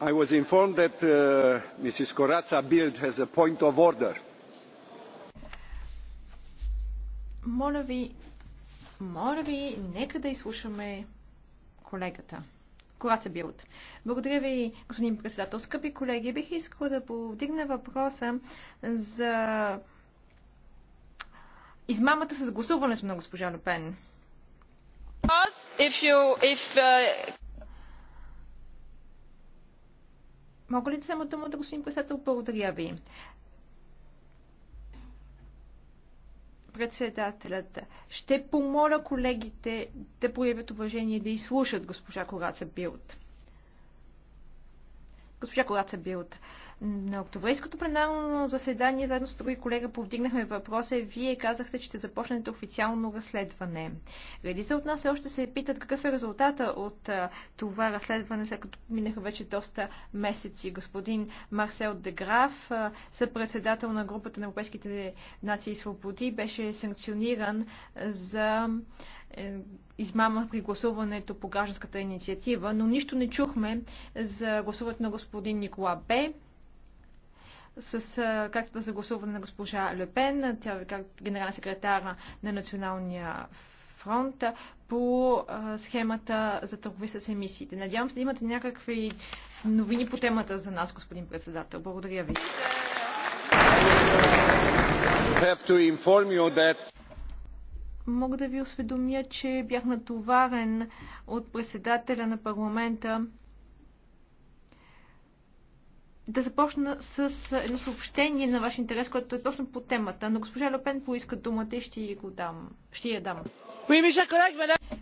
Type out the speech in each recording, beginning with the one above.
I was informed that uh, Mrs. Corazza bildt has a point of order. Моля ви, нека да изслушаме колегата. Кораца билт. Благодаря ви, господин председател. Скъпи колеги, бих искала да повдигна въпроса за измамата с гласуването на госпожа Лепен. If you, if, uh... Мога ли да взема думата, господин председател? Благодаря ви. Председателят. Ще помоля колегите да проявят уважение да изслушат госпожа Кораца Билт госпожа Кораца Билт. На октомврийското пленарно заседание заедно с други колега повдигнахме въпроса и вие казахте, че ще започнете официално разследване. Редица от нас още се питат какъв е резултата от това разследване, след като минаха вече доста месеци. Господин Марсел Деграф, съпредседател на групата на Европейските нации и свободи, беше санкциониран за е, измама при гласуването по гражданската инициатива, но нищо не чухме за гласуването на господин Никола Б. С картата за гласуване на госпожа Лепен, тя е генерална секретар на Националния фронт по схемата за търгови с емисиите. Надявам се да имате някакви новини по темата за нас, господин председател. Благодаря ви. Мога да ви осведомя, че бях натоварен от председателя на парламента да започна с едно съобщение на ваш интерес, което е точно по темата, но госпожа Лопен поиска думата и ще, го дам. ще я дам.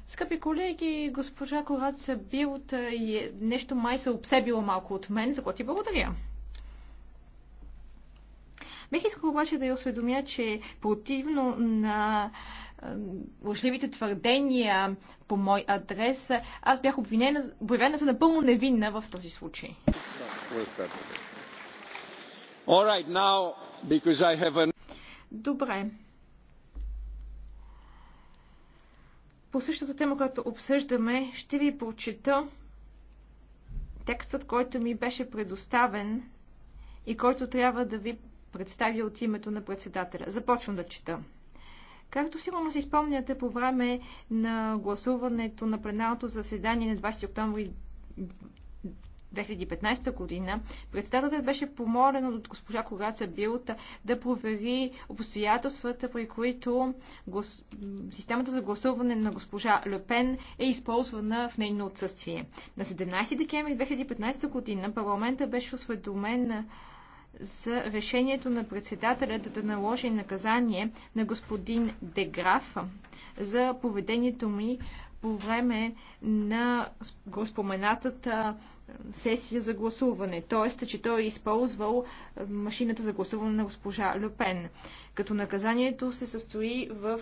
Скъпи колеги, госпожа Кораца Билт е нещо май се е обсебила малко от мен, за което ти благодаря. Бих искал обаче да я осведомя, че противно на лъжливите твърдения по мой адрес, аз бях обвинена, обявена за напълно невинна в този случай. Right, now, Добре. По същата тема, която обсъждаме, ще ви прочета текстът, който ми беше предоставен и който трябва да ви представя от името на председателя. Започвам да чета. Както сигурно си спомняте по време на гласуването на пленалното заседание на 20 октомври 2015 година, председателят беше помолен от госпожа Кораца Билта да провери обстоятелствата, при които гос... системата за гласуване на госпожа Лепен е използвана в нейно отсъствие. На 17 декември 2015 година парламента беше осведомен за решението на председателя да наложи наказание на господин Деграф за поведението ми по време на споменатата сесия за гласуване, т.е. че той е използвал машината за гласуване на госпожа Люпен. Като наказанието се състои в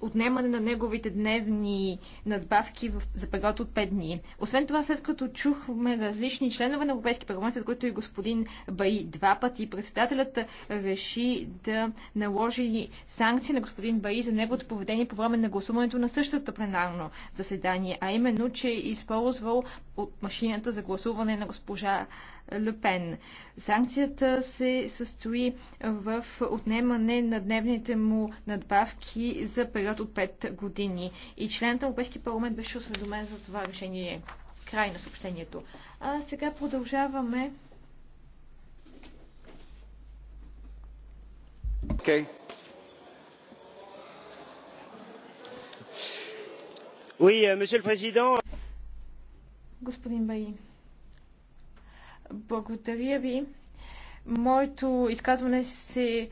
отнемане на неговите дневни надбавки в, за период от 5 дни. Освен това, след като чухме различни членове на Европейски парламент, след които и господин Баи два пъти, председателят реши да наложи санкции на господин Баи за неговото поведение по време на гласуването на същото пленарно заседание, а именно, че е използвал от машината за гласуване на госпожа Лепен. Санкцията се състои в отнемане на дневните му надбавки за период от 5 години. И членът на Европейски парламент беше осведомен за това решение. Край на съобщението. А сега продължаваме. Okay. Oui, euh, monsieur le président. Господин Баи. Благодаря ви. Моето изказване се е,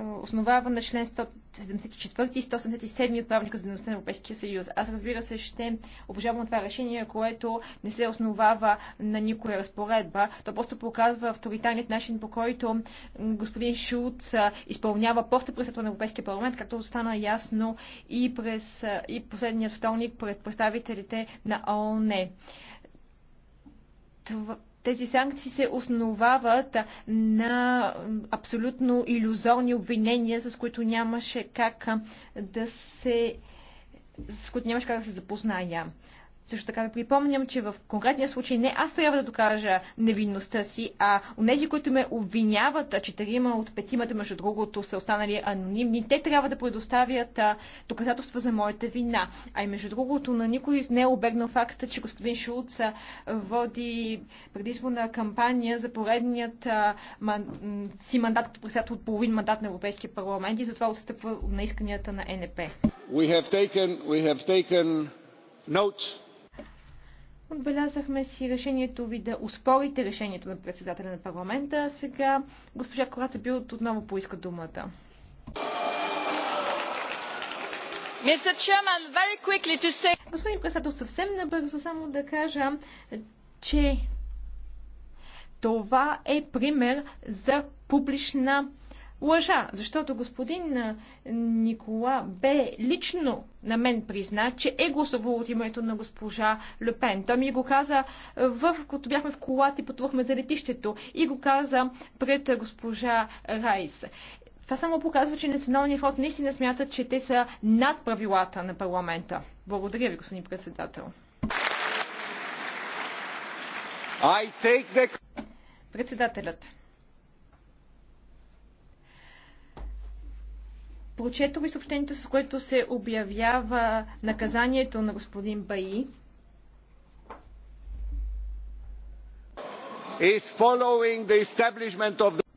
основава на член 174 и 177 от правника за дейността на Европейския съюз. Аз разбира се ще обожавам това решение, което не се основава на никоя разпоредба. То просто показва авторитарният начин, по който господин Шулц е, изпълнява поста председател на Европейския парламент, както стана ясно и през е, и последният вторник пред представителите на ООН. Това тези санкции се основават на абсолютно иллюзорни обвинения, с които нямаше как да се с които нямаше как да се запозная. Също така ви припомням, че в конкретния случай не аз трябва да докажа невинността си, а онези, които ме обвиняват, а четирима от петимата, между другото, са останали анонимни, те трябва да предоставят доказателства за моята вина. А и между другото, на никой не е обегнал факта, че господин Шулц води предизборна кампания за поредният а, ман, си мандат като председател от половин мандат на Европейския парламент и затова отстъпва на исканията на НП. We have taken, we have taken note Отбелязахме си решението ви да успорите решението на председателя на парламента. Сега госпожа Кораца Билт отново поиска думата. Господин председател, съвсем набързо само да кажа, че това е пример за публична лъжа, защото господин Никола бе лично на мен призна, че е гласувал от името на госпожа Лепен. Той ми го каза, в, като бяхме в колата и пътувахме за летището, и го каза пред госпожа Райс. Това само показва, че Националният фронт наистина смята, че те са над правилата на парламента. Благодаря ви, господин председател. I take the... Председателят. Прочетох и съобщението, с което се обявява наказанието на господин Баи. Is following the establishment of the